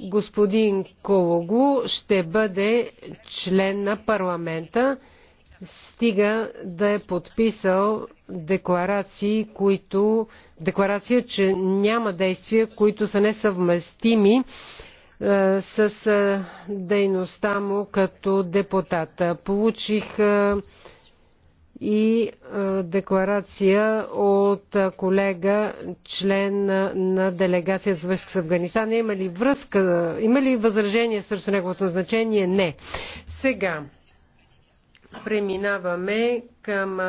господин Кологу ще бъде член на парламента, стига да е подписал декларации, които, декларация, че няма действия, които са несъвместими е, с е, дейността му като депутат. Получих е, и декларация от колега, член на делегация за връзка с Афганистан. Има ли връзка, има ли възражение срещу неговото назначение? Не. Сега преминаваме към